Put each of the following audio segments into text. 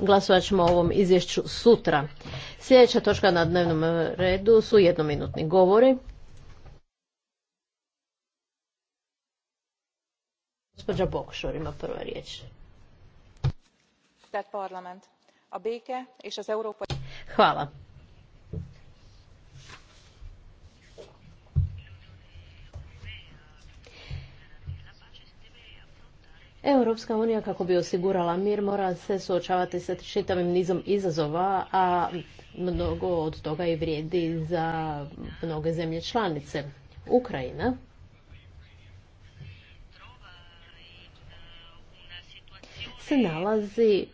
Glasovat ćemo o ovom izvješću sutra. Sljedeća točka na dnevnom redu su jednominutni govori. Gospođa Bokšor ima prva riječ. Hvala. Europska unija kako bi osigurala mir mora se suočavati sa čitavim nizom izazova, a mnogo od toga i vrijedi za mnoge zemlje članice. Ukrajina se nalazi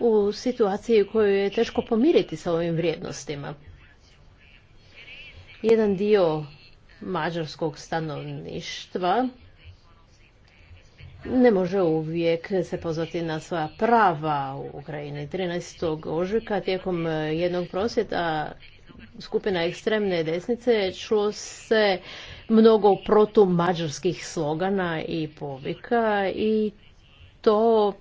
u situaciji kojoj je teško pomiriti sa ovim vrijednostima. Jedan dio mađarskog stanovništva ne može uvijek se pozvati na svoja prava u Ukrajini. 13. ožujka tijekom e, jednog prosvjeta skupina ekstremne desnice čulo se mnogo protumađarskih slogana i povika i to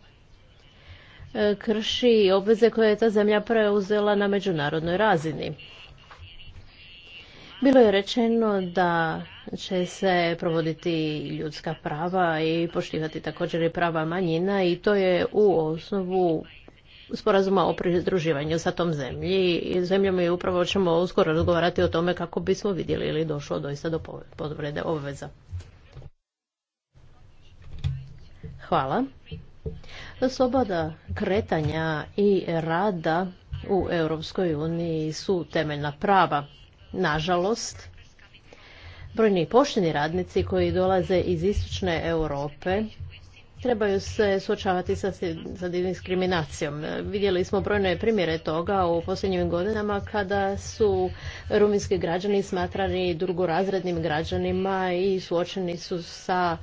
e, krši obveze koje je ta zemlja preuzela na međunarodnoj razini. Bilo je rečeno da će se provoditi ljudska prava i poštivati također i prava manjina i to je u osnovu sporazuma o pridruživanju sa tom zemlji i zemljom i upravo ćemo uskoro razgovarati o tome kako bismo vidjeli ili došlo doista do podvrede obveza. Hvala. Sloboda kretanja i rada u Europskoj uniji su temeljna prava. Nažalost, Brojni pošteni radnici koji dolaze iz istočne Europe trebaju se suočavati sa, sa diskriminacijom. Vidjeli smo brojne primjere toga u posljednjim godinama kada su ruminski građani smatrani drugorazrednim građanima i suočeni su sa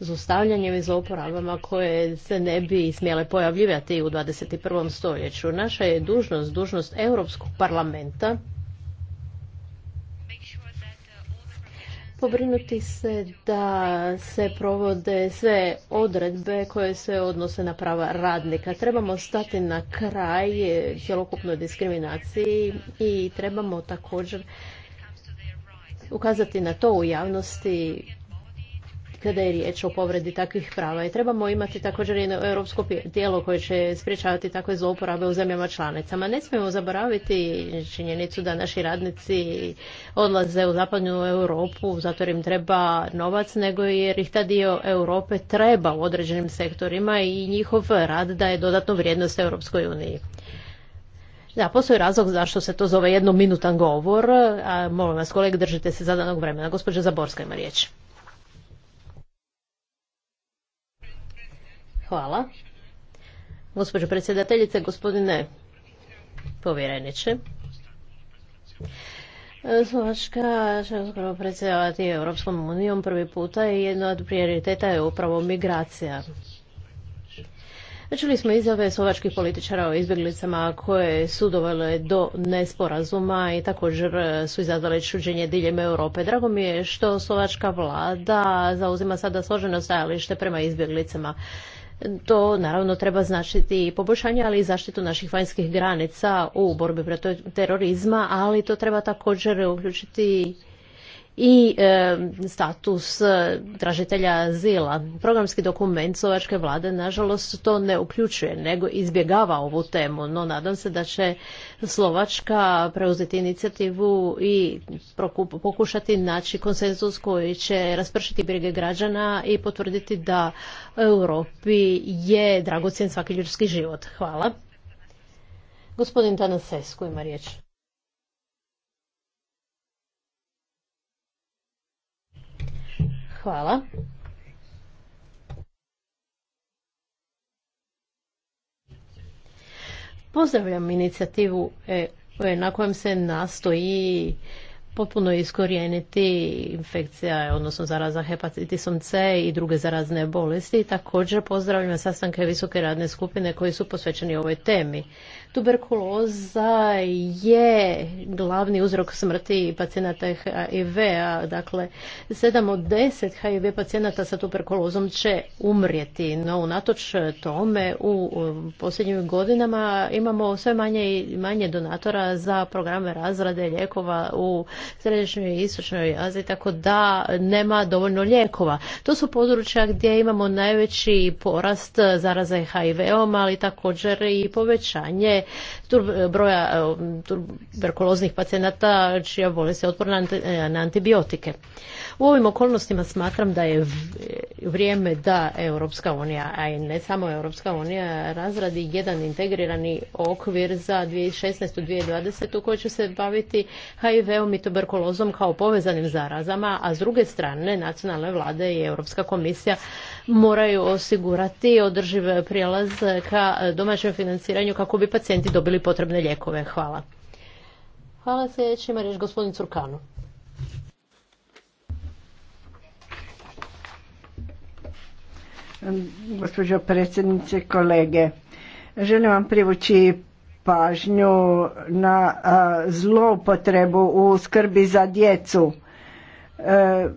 zlostavljanjem i zlouporabama koje se ne bi smjele pojavljivati u 21. stoljeću. Naša je dužnost, dužnost Europskog parlamenta pobrinuti se da se provode sve odredbe koje se odnose na prava radnika. Trebamo stati na kraj cjelokupnoj diskriminaciji i trebamo također ukazati na to u javnosti kada je riječ o povredi takvih prava. I trebamo imati također jedno europsko tijelo koje će sprječavati takve zlouporabe u zemljama članicama. Ne smijemo zaboraviti činjenicu da naši radnici odlaze u zapadnu Europu zato jer im treba novac, nego jer ih ta dio Europe treba u određenim sektorima i njihov rad daje dodatnu vrijednost Europskoj uniji. Da, postoji razlog zašto se to zove jednominutan govor. A, molim vas, kolege, držite se zadanog vremena. Gospođa Zaborska ima riječ. Hvala. Gospođo predsjedateljice, gospodine povjereniče. Slovačka će uskoro predsjedavati Europskom unijom prvi puta i jedna od prioriteta je upravo migracija. Čuli smo izjave slovačkih političara o izbjeglicama koje su dovele do nesporazuma i također su izazvale čuđenje diljem Europe. Drago mi je što slovačka vlada zauzima sada složeno stajalište prema izbjeglicama to naravno treba značiti i poboljšanje, ali i zaštitu naših vanjskih granica u borbi protiv terorizma, ali to treba također uključiti i e, status e, tražitelja azila. Programski dokument slovačke vlade nažalost to ne uključuje, nego izbjegava ovu temu, no nadam se da će Slovačka preuzeti inicijativu i pokušati naći konsenzus koji će raspršiti brige građana i potvrditi da Europi je dragocjen svaki ljudski život. Hvala. Gospodin Tanasescu ima riječ. Hvala. Pozdravljam inicijativu e e na kojem se nastoji potpuno iskorijeniti infekcija, odnosno zaraza hepatitisom C i druge zarazne bolesti. Također pozdravljam sastanke visoke radne skupine koji su posvećeni ovoj temi. Tuberkuloza je glavni uzrok smrti pacijenata HIV-a, dakle 7 od 10 HIV pacijenata sa tuberkulozom će umrijeti, no unatoč tome u posljednjim godinama imamo sve manje i manje donatora za programe razrade lijekova u središnjoj i istočnoj Aziji, tako da nema dovoljno lijekova. To su područja gdje imamo najveći porast zaraze HIV-om, ali također i povećanje broja e, tuberkuloznih pacijenata čija bolest je otporna na e, antibiotike. U ovim okolnostima smatram da je e, vrijeme da Europska unija, a i ne samo Europska unija, razradi jedan integrirani okvir za 2016-2020 koji će se baviti HIV-om i tuberkulozom kao povezanim zarazama, a s druge strane nacionalne vlade i Europska komisija moraju osigurati održiv prijelaz ka domaćem financiranju kako bi pacijenti dobili potrebne lijekove. Hvala. Hvala sljedeći riječ gospodin Curkanu. gospođo predsjednice, kolege. Želim vam privući pažnju na zloupotrebu u skrbi za djecu. E, e,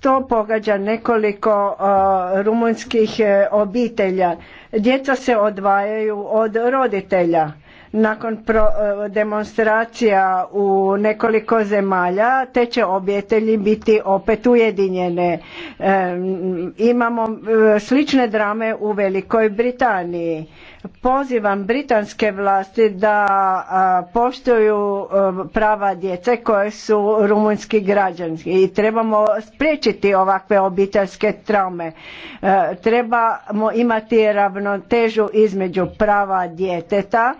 to pogađa nekoliko rumunskih e, obitelja. Djeca se odvajaju od roditelja nakon e, demonstracija u nekoliko zemalja te će obitelji biti opet ujedinjene. E, imamo e, slične drame u Velikoj Britaniji. Pozivam britanske vlasti da poštuju prava djece koje su rumunjski građanski i trebamo spriječiti ovakve obiteljske traume. Trebamo imati ravnotežu između prava djeteta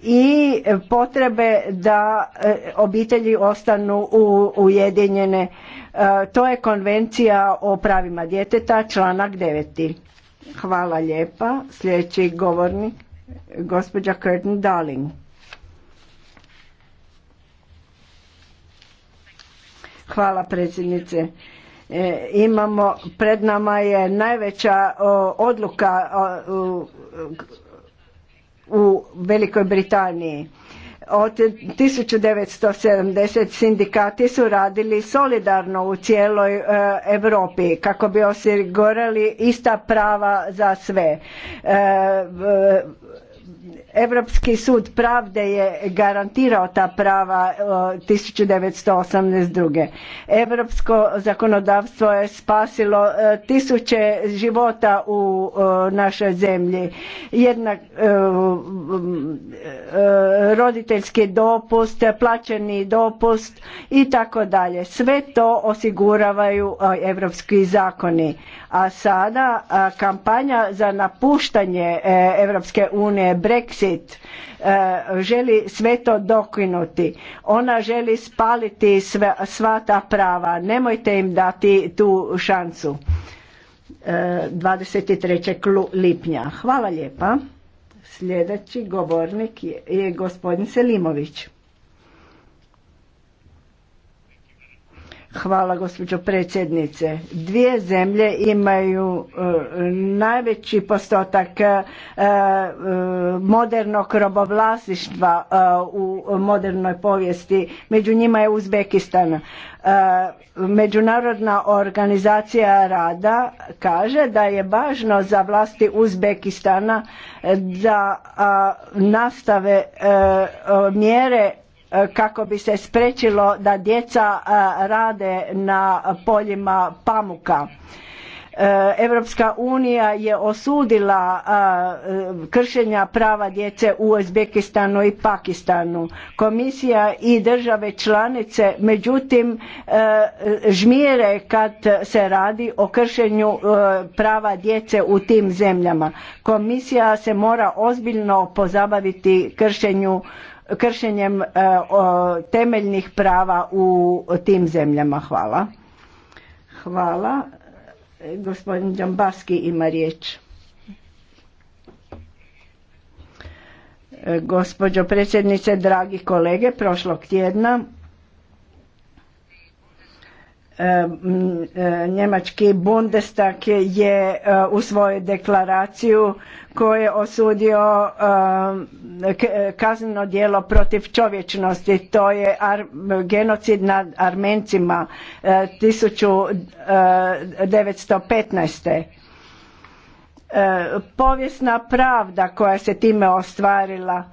i potrebe da e, obitelji ostanu ujedinjene. E, to je konvencija o pravima djeteta, članak 9. Hvala lijepa. Sljedeći govornik, gospođa Curtin Darling. Hvala predsjednice. E, imamo, pred nama je najveća odluka u Velikoj Britaniji. Od 1970 sindikati su radili solidarno u cijeloj e, Europi kako bi osigurali ista prava za sve. E, Europski sud pravde je garantirao ta prava 1982. E, Europsko zakonodavstvo je spasilo e, tisuće života u e, našoj zemlji. Jednak roditeljski dopust, plaćeni dopust i tako dalje. Sve to osiguravaju europski zakoni. A sada kampanja za napuštanje Europske unije Brexit E, želi sve to dokinuti. Ona želi spaliti sva ta prava. Nemojte im dati tu šansu. 23. E, lipnja. Hvala lijepa. Sljedeći govornik je gospodin Selimović. Hvala gospođo predsjednice. Dvije zemlje imaju e, najveći postotak e, e, modernog robovlasništva u modernoj povijesti. Među njima je Uzbekistan. Međunarodna organizacija rada kaže da je važno za vlasti Uzbekistana da nastave mjere kako bi se spriječilo da djeca rade na poljima pamuka. Europska unija je osudila kršenja prava djece u Uzbekistanu i Pakistanu. Komisija i države članice međutim e, žmire kad se radi o kršenju e, prava djece u tim zemljama. Komisija se mora ozbiljno pozabaviti kršenju kršenjem e, temeljnih prava u tim zemljama. Hvala. Hvala. Gospodin Đambaski ima riječ. E, gospođo predsjednice, dragi kolege, prošlog tjedna E, njemački Bundestag je e, u svoju deklaraciju koji je osudio e, kazneno djelo protiv čovječnosti. To je genocid nad Armencima 1915. Povijesna pravda koja se time ostvarila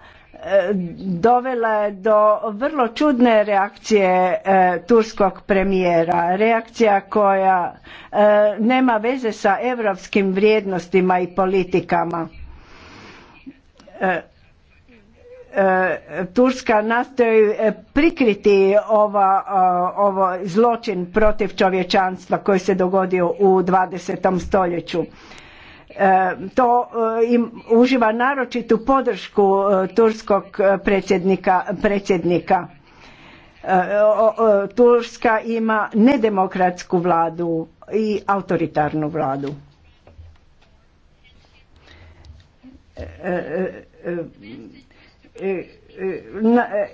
dovela je do vrlo čudne reakcije e, turskog premijera, reakcija koja e, nema veze sa europskim vrijednostima i politikama. E, Turska nastoji prikriti ova, ovo zločin protiv čovječanstva koji se dogodio u 20. stoljeću E, to e, im uživa naročitu podršku e, turskog predsjednika, predsjednika. Turska ima nedemokratsku vladu i autoritarnu vladu.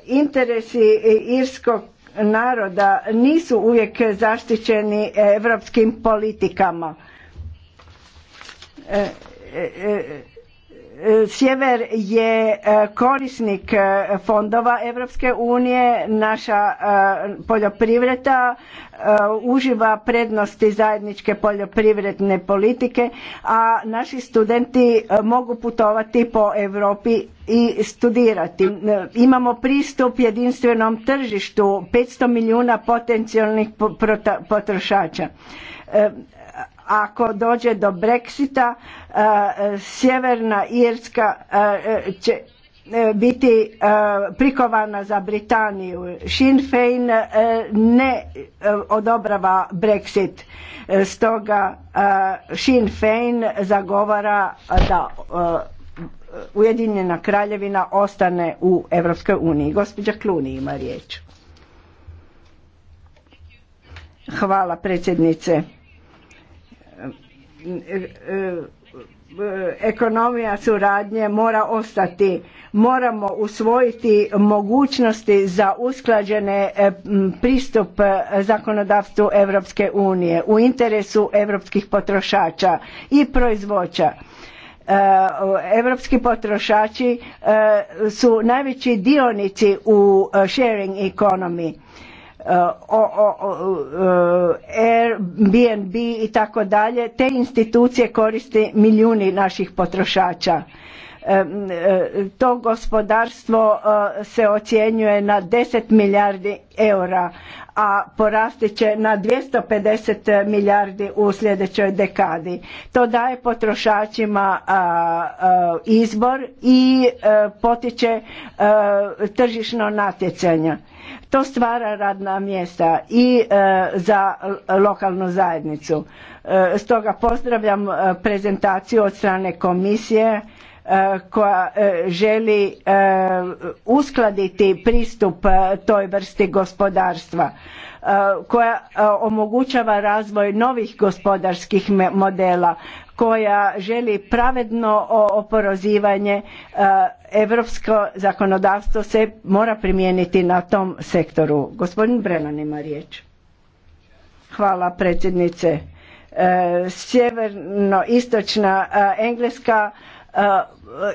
Interesi irskog naroda nisu uvijek zaštićeni europskim politikama Sjever je e, korisnik e, fondova Europske unije, naša e, poljoprivreda uživa prednosti zajedničke poljoprivredne politike, a naši studenti mogu putovati po Europi i studirati. Imamo pristup jedinstvenom tržištu 500 milijuna potencijalnih potrošača ako dođe do Brexita, e, Sjeverna Irska e, će e, biti prikovana za Britaniju. Sinn Fein ne odobrava Brexit. Stoga Sinn Fein zagovara da Ujedinjena kraljevina ostane u Europskoj uniji. Gospođa Kluni ima riječ. Hvala predsjednice. E, e, ekonomija suradnje mora ostati. Moramo usvojiti mogućnosti za usklađene e, pristup zakonodavstvu Europske unije u interesu europskih potrošača i proizvođača. Europski potrošači su najveći dionici u sharing economy o, o, o e, Airbnb i tako dalje, te institucije koriste milijuni naših potrošača to gospodarstvo e, se ocjenjuje na 10 milijardi eura, a porasti će na 250 milijardi u sljedećoj dekadi. To daje potrošačima izbor i e, potiče e, tržišno natjecanje. To stvara radna mjesta i za lokalnu zajednicu. Stoga pozdravljam prezentaciju od strane komisije E, koja e, želi e, uskladiti pristup toj vrsti gospodarstva koja omogućava razvoj novih gospodarskih modela koja želi pravedno oporozivanje. europsko zakonodavstvo se mora primijeniti na tom sektoru gospodin Brennan ima riječ hvala predsjednice sjeverno istočna engleska Uh,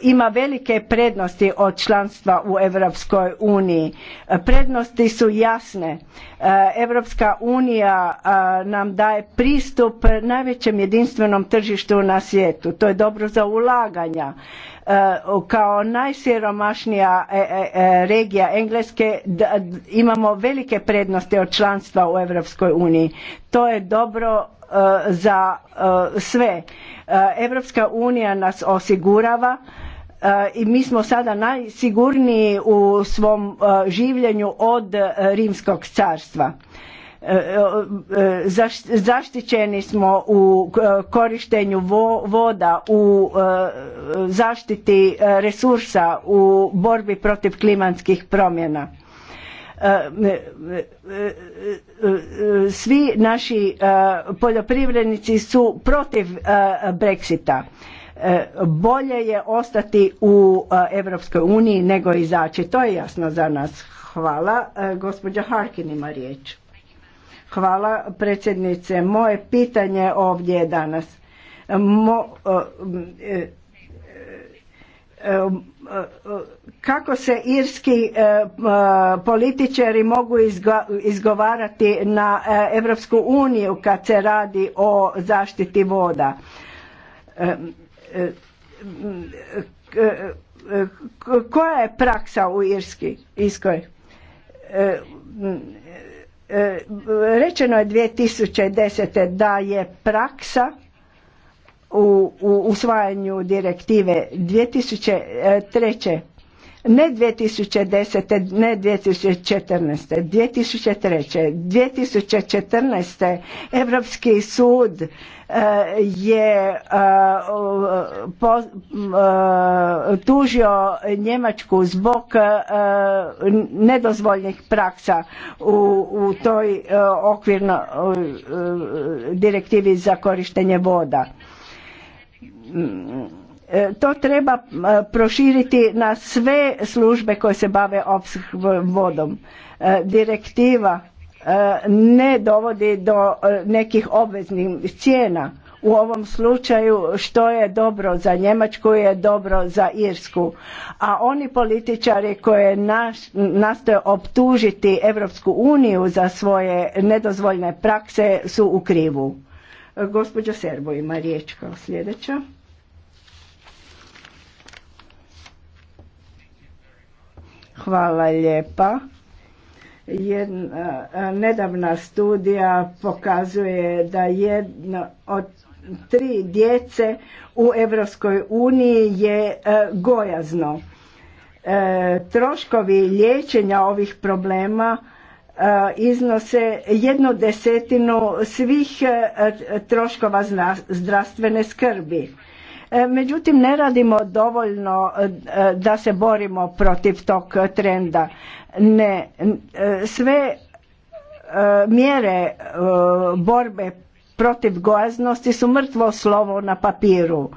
ima velike prednosti od članstva u Europskoj uniji. Prednosti su jasne. Europska unija e, nam daje pristup najvećem jedinstvenom tržištu na svijetu. To je dobro za ulaganja. E, kao najsiromašnija e, regija Engleske imamo velike prednosti od članstva u Europskoj uniji. To je dobro za sve. Europska unija nas osigurava E, i mi smo sada najsigurniji u svom e, življenju od e, rimskog carstva zaštićeni smo u korištenju voda u zaštiti resursa u borbi protiv klimatskih promjena svi naši poljoprivrednici su protiv Brexita E, bolje je ostati u Europskoj uniji nego izaći. To je jasno za nas. Hvala. E, gospođa Harkin ima riječ. Hvala predsjednice. Moje pitanje ovdje je danas. E, kako se irski političari mogu izgovarati na Europsku uniju kad se radi o zaštiti voda koja je praksa u Irski, Iskoj? E, e, rečeno je 2010. da je praksa u, usvajanju direktive 2003 ne 2010. ne 2014. 2003. 2014. Evropski sud e, je e, e, tužio Njemačku zbog nedozvoljnih praksa u toj okvirno direktivi za korištenje voda E, to treba e, proširiti na sve službe koje se bave opskrbom vodom. E, direktiva ne dovodi do nekih obveznih cijena. U ovom slučaju što je dobro za Njemačku je dobro za Irsku. A oni političari koje nastoje optužiti Europsku uniju za svoje nedozvoljne prakse su u krivu. Gospođa Serbo ima riječ kao sljedeća. Hvala lijepa. nedavna studija pokazuje da jedno od tri djece u Europskoj uniji je gojazno. E, troškovi liječenja ovih problema iznose jednu desetinu svih troškova zdravstvene skrbi. E, međutim, ne radimo dovoljno e, e, da se borimo protiv tog trenda. Ne, sve mjere borbe protiv gojaznosti su mrtvo slovo na papiru.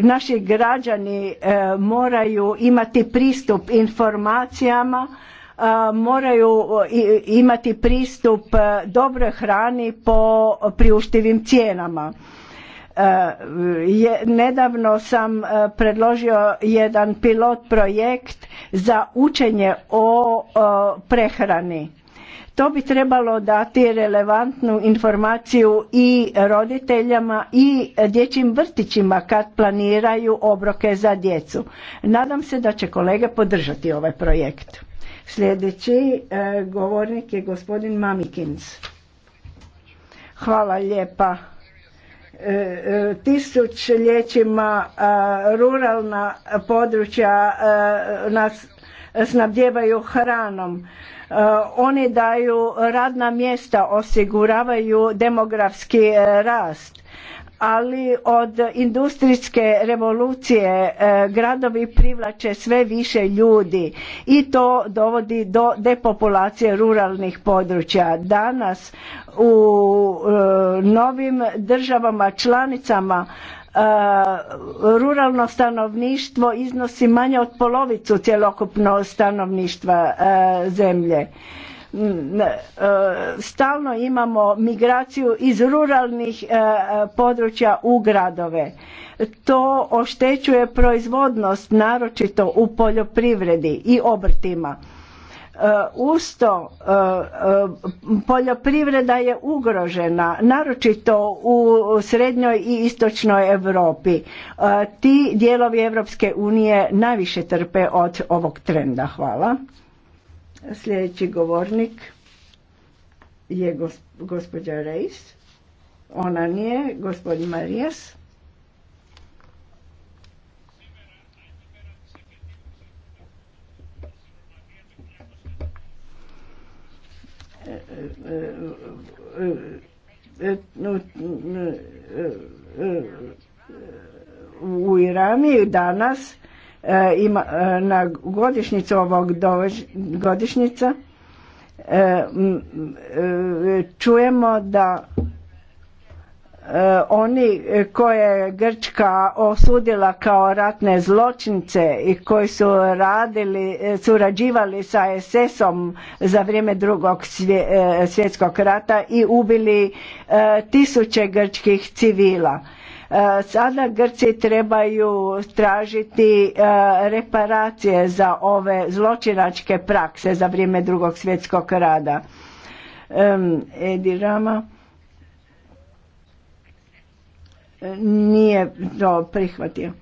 Naši građani moraju imati pristup informacijama, moraju imati pristup dobroj hrani po priuštivim cijenama E, nedavno sam e, predložio jedan pilot projekt za učenje o, prehrani. To bi trebalo dati relevantnu informaciju i roditeljama i dječjim vrtićima kad planiraju obroke za djecu. Nadam se da će kolege podržati ovaj projekt. Sljedeći e, govornik je gospodin Mamikins. Hvala lijepa tisućljećima ruralna područja nas snabdjevaju hranom. Oni daju radna mjesta, osiguravaju demografski e, rast ali od industrijske revolucije e, gradovi privlače sve više ljudi i to dovodi do depopulacije ruralnih područja. Danas u e, novim državama članicama e, ruralno stanovništvo iznosi manje od polovicu cjelokupnog stanovništva zemlje E, stalno imamo migraciju iz ruralnih e, područja u gradove. To oštećuje proizvodnost, naročito u poljoprivredi i obrtima. E, Usto poljoprivreda je ugrožena, naročito u srednjoj i istočnoj Europi. Ti dijelovi Europske unije najviše trpe od ovog trenda. Hvala. Sljedeći govornik je gospođa Rejs. Ona nije, gospodin Marijas. U Irani danas E, ima e, na godišnjicu ovog godišnjica e, čujemo da oni koje je Grčka osudila kao ratne zločince i koji su radili, surađivali sa SS-om za vrijeme drugog svjetskog rata i ubili tisuće grčkih civila. Sada Grci trebaju tražiti e, reparacije za ove zločinačke prakse za vrijeme drugog svjetskog rada. Rama nije to prihvatio.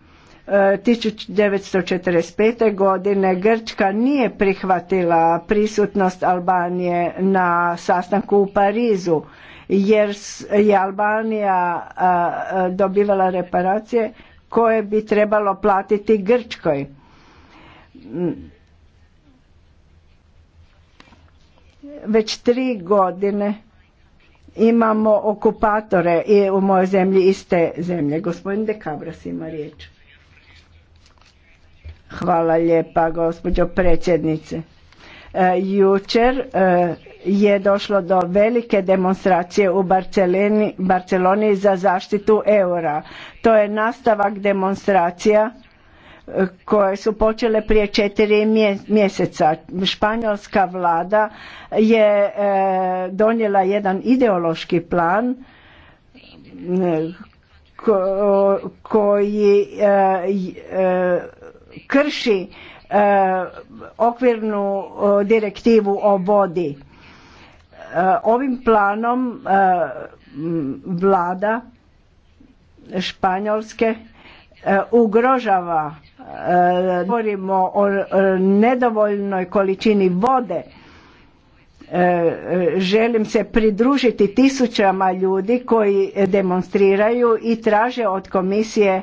1945. E, godine Grčka nije prihvatila prisutnost Albanije na sastanku u Parizu jer je Albanija dobivala reparacije koje bi trebalo platiti Grčkoj. Mm. Već tri godine imamo okupatore i u mojoj zemlji iste zemlje. Gospodin De Cabras ima riječ. Hvala lijepa gospođo predsjednice. E, jučer e, je došlo do velike demonstracije u Barceloni, za zaštitu eura. To je nastavak demonstracija e, koje su počele prije četiri mjeseca. Španjolska vlada je donijela jedan ideološki plan koji krši E, okvirnu e, direktivu o vodi. E, ovim planom vlada Španjolske ugrožava govorimo o nedovoljnoj količini vode želim se pridružiti tisućama ljudi koji demonstriraju i traže od komisije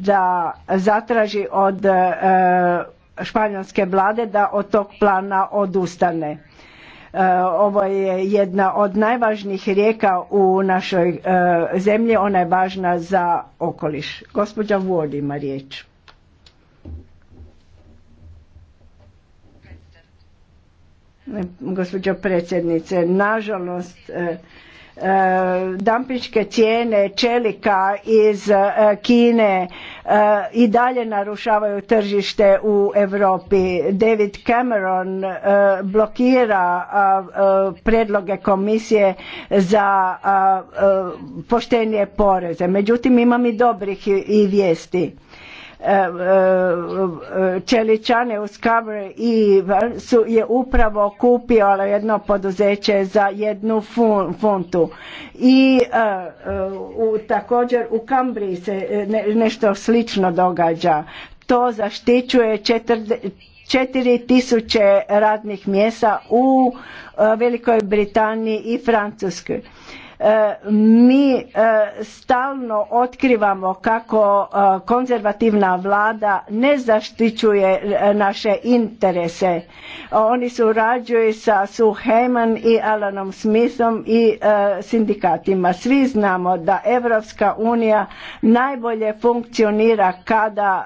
da zatraži od e, španjolske vlade da od tog plana odustane. E, ovo je jedna od najvažnijih rijeka u našoj e, zemlji, ona je važna za okoliš. Gospođa Vuoli ima riječ. Gospođo predsjednice, nažalost E, Dampičke cijene čelika iz e, Kine e, i dalje narušavaju tržište u Europi. David Cameron blokira predloge komisije za poštenije poreze. Međutim, imam i dobrih i vijesti čeličane u Skavre i su je upravo kupio jedno poduzeće za jednu funtu i e, e, također u Kambriji se e, nešto slično događa to zaštićuje četiri radnih mjesta u Velikoj Britaniji i Francuskoj E, mi e, stalno otkrivamo kako e, konzervativna vlada ne zaštićuje naše interese. Oni surađuju sa Sue Heyman i Alanom Smithom i sindikatima. Svi znamo da Evropska unija najbolje funkcionira kada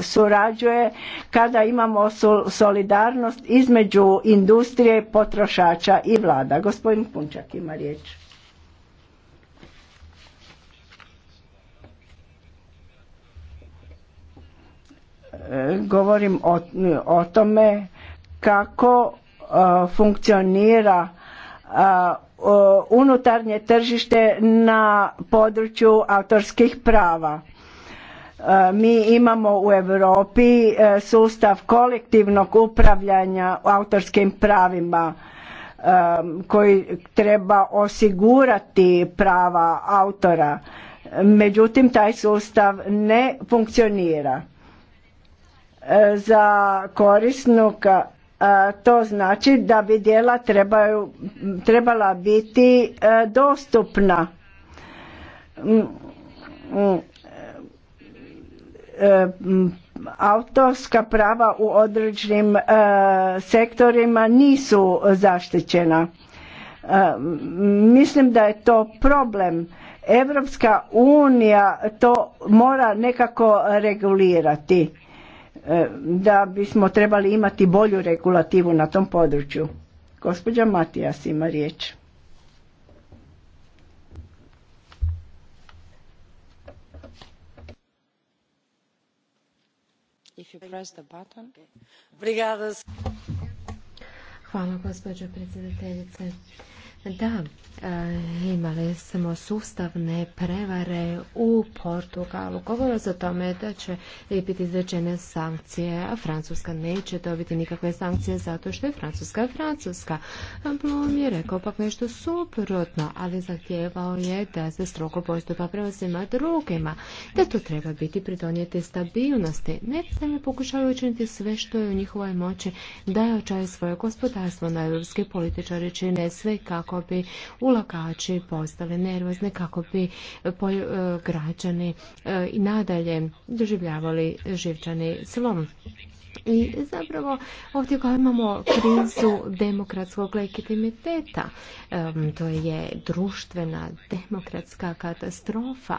surađuje, kada imamo solidarnost između industrije, potrošača i vlada. Gospodin Punčak ima riječ. govorim o, tome kako funkcionira unutarnje tržište na području autorskih prava. Mi imamo u Europi e, sustav kolektivnog upravljanja autorskim pravima e, koji treba osigurati prava autora. Međutim, taj sustav ne funkcionira E, za korisnika to znači da bi djela trebaju, trebala biti e, dostupna mm, mm, e, mm, autorska prava u određenim sektorima nisu zaštićena mislim da je to problem Europska unija to mora nekako regulirati E, da bismo trebali imati bolju regulativu na tom području. Gospođa Matijas ima riječ. If Hvala gospođo predsjedateljice. Da, e, imali smo sustavne prevare u Portugalu. Govora se o tome da će biti izrečene sankcije, a Francuska neće dobiti nikakve sankcije zato što je Francuska Francuska. Blum je rekao pak nešto suprotno, ali zahtjevao je da se stroko postupa prema svima drugima, da tu treba biti pridonijeti stabilnosti. Ne mi pokušavaju učiniti sve što je u njihovoj moći da očaju svoje gospodarstvo na europske političari čine sve kako kako bi ulagači postali nervozni, kako bi eh, eh, građani eh, i nadalje doživljavali živčani slom. I zapravo ovdje kao imamo krizu demokratskog legitimiteta. to je društvena demokratska katastrofa.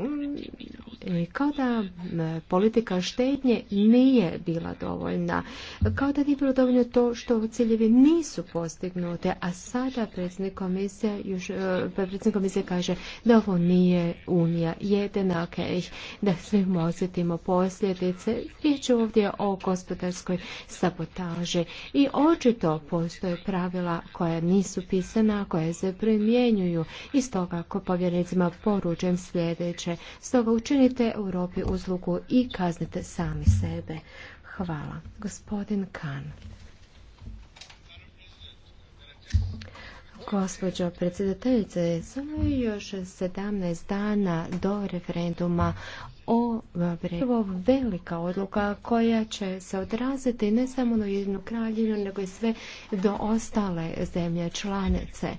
Mm, kao da politika štednje nije bila dovoljna, kao da nije bilo dovoljno to što ciljevi nisu postignute, a sada predsjednik komisije, e, predsjednik komisije kaže da ovo nije unija i da svi osjetimo posljedice. Riječ ovdje o gospodarskoj sabotaži i očito postoje pravila koja nisu pisana, koja se primjenjuju. I stoga ako povjerenicima poručujem sljedeće, s Stoga učinite Europi uzlugu i kaznite sami sebe. Hvala. Gospodin Kan. Gospođo predsjedateljice, samo još 17 dana do referenduma o velika odluka koja će se odraziti ne samo na jednu kraljevinu, nego i sve do ostale zemlje članice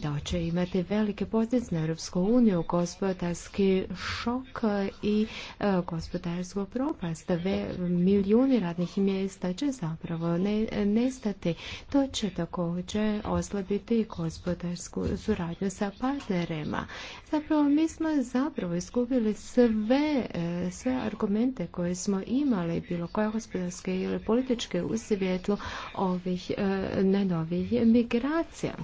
da će imati velike posljedice na Europsku uniju, gospodarski šok i e, gospodarsko propast. Milijuni radnih mjesta će zapravo ne, nestati. To će također oslabiti gospodarsku suradnju sa partnerima. Zapravo mi smo zapravo izgubili sve, e, sve argumente koje smo imali, bilo koje gospodarske ili političke u svjetlu ovih e, najnovijih migracija.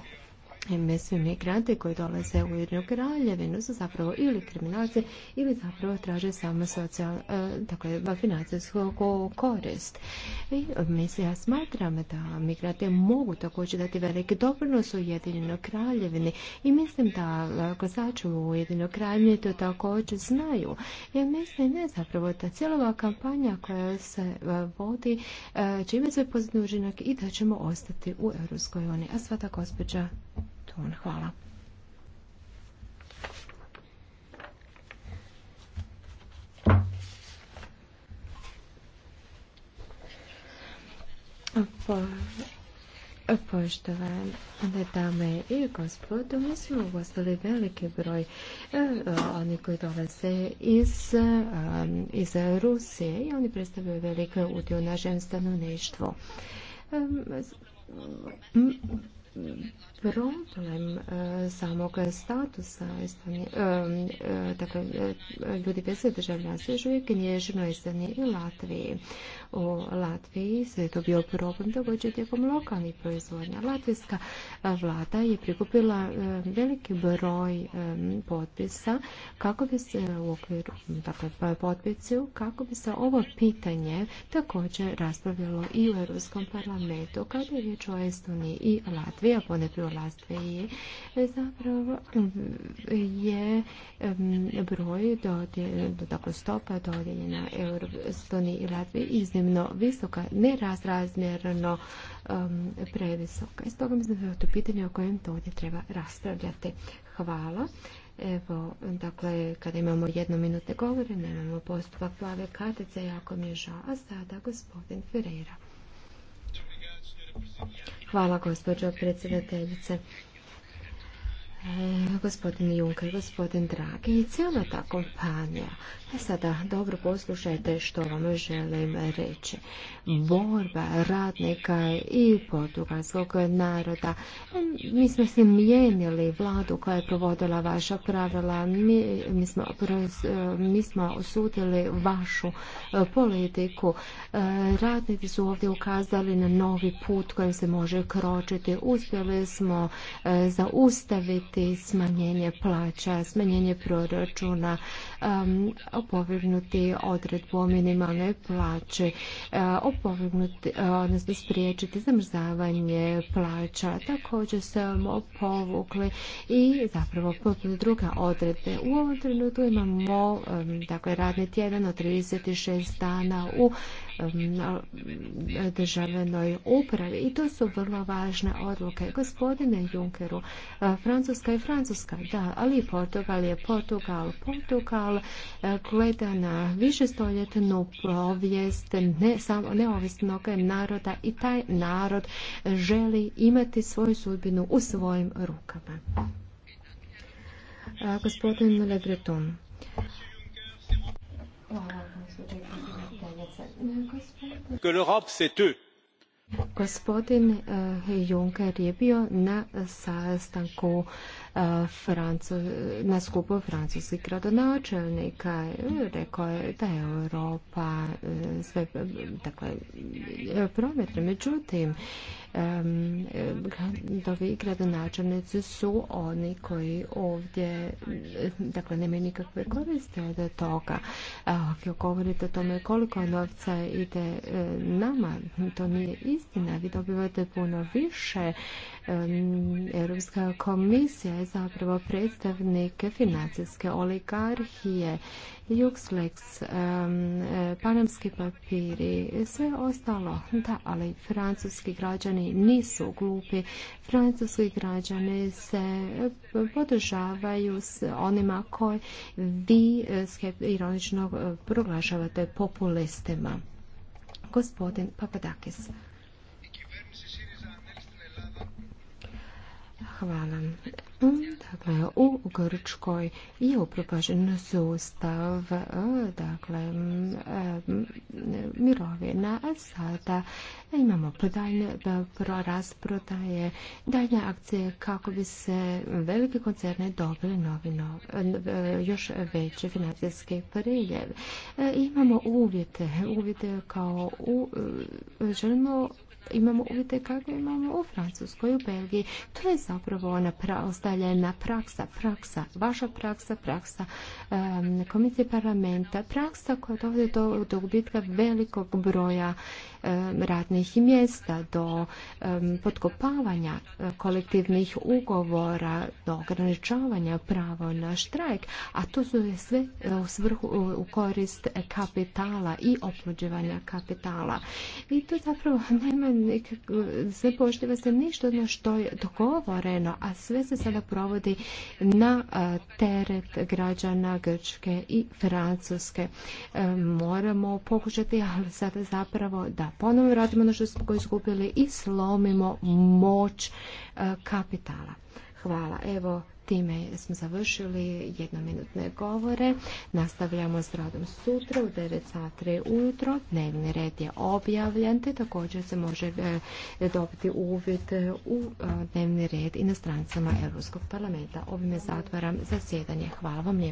Mislim, migrante koji dolaze u jednu kraljevinu su zapravo ili kriminalci ili zapravo traže samo socijal, e, dakle, financijsku korist. I mislim, ja smatram da migrante mogu također dati veliki doprinos u jedinjeno kraljevini i mislim da glasači e, u ujedinjenoj kraljevini to također znaju. I mislim ne zapravo da cijela ova kampanja koja se e, vodi čime se pozitivni i da ćemo ostati u Europskoj uniji. A sva ta gospođa mikrofon. Hvala. Po, Poštovane dame i gospodo, mi smo ugostili veliki broj e, oni koji dolaze iz, e, iz Rusije i oni predstavljaju velike udjel u našem stanovništvu. E, problem e, samog statusa e, e, dakle, ljudi bez državljanstva još uvijek nježno stani i Latviji. U Latviji se je to bio problem također tijekom lokalnih proizvodnja. Latvijska vlada je prikupila veliki broj potpisa kako bi se u okviru dakle, kako bi se ovo pitanje također raspravljalo i u Europskom parlamentu kada je riječ o Estoniji i Latviji. Latvije, e, mm, je zapravo mm, je broj dakle stopa dodjeljena Eurostoni i Latviji iznimno visoka, nerazrazmjerno mm, previsoka. I stoga mislim da je to pitanje o kojem to treba raspravljati. Hvala. Evo, dakle, kada imamo minute govore, nemamo postupak plave kartice, jako mi je žao. A sada gospodin Ferreira. Hvala gospođo predsjedateljice. E, gospodin Juncker, gospodin Dragi i cijela ta kompanija. E sada, dobro poslušajte što vam želim reći. Borba radnika i portugalskog naroda. E, mi smo se mijenili vladu koja je provodila vaša pravila. Mi, smo, e, mi smo osudili vašu politiku. Radnici su ovdje ukazali na novi put kojim se može kročiti. Uspjeli smo zaustaviti imati smanjenje plaća, smanjenje proračuna, um, opovrgnuti odredbu o minimalnoj plaći, uh, uh, odnosno spriječiti zamrzavanje plaća. Također se povukli i zapravo druga odredbe. U ovom trenutku imamo um, dakle, radni tjedan od 36 dana u državnoj upravi. I to su vrlo važne odluke. Gospodine Junkeru, e, Francuska je Francuska, da, ali i Portugal je Portugal. Portugal e, gleda na višestoljetnu povijest ne samo neovisnog naroda i taj narod želi imati svoju sudbinu u svojim rukama. E, gospodin Le Breton. Hvala, que članice. Gospodin, gospodin eh, Juncker je bio na sastanku Franco, na skupu francuskih gradonačelnika. Rekao je da je Europa e, sve, dakle, prometre. Međutim, dovi i gradonačelnici su oni koji ovdje, dakle, nemaju nikakve koriste od toga. Ako govorite o tome koliko novca ide e, nama, to nije istina. Vi dobivate puno više Europska komisija je zapravo predstavnik financijske oligarhije, Juxlex, panamski papiri, sve ostalo. Da, ali francuski građani nisu glupi. Francuski građani se podržavaju s onima koji vi eh, ironično eh, proglašavate populistima. Gospodin Papadakis. Hvala. Dakle, u Grčkoj je upropažen sustav dakle, mirovina, a sada imamo podajne rasprodaje, daljne akcije kako bi se velike koncerne dobili novi, nov, još veći financijski priljev. E, imamo uvjete, uvjete kao u, želimo imamo uvite kako imamo u Francuskoj, u Belgiji. To je zapravo ona ostaljena praksa, praksa, vaša praksa, praksa komisije parlamenta, praksa koja dovede do, do velikog broja radnih mjesta, do podkopavanja e, kolektivnih ugovora, do ograničavanja prava na štrajk, a to su sve e, u svrhu u korist kapitala i opluđivanja kapitala. I to zapravo nema sve poštiva se ništa ono što je dogovoreno, a sve se sada provodi na teret građana Grčke i Francuske. E, moramo pokušati, ali sada zapravo da ponovno radimo ono što smo izgubili i slomimo moć kapitala. Hvala. Evo, Time smo završili jednominutne govore. Nastavljamo s radom sutra u 9 sati ujutro. Dnevni red je objavljen te također se može e, dobiti uvid u e, dnevni red i na strancama Europskog parlamenta. Ovime zatvaram zasjedanje. Hvala vam lijepo.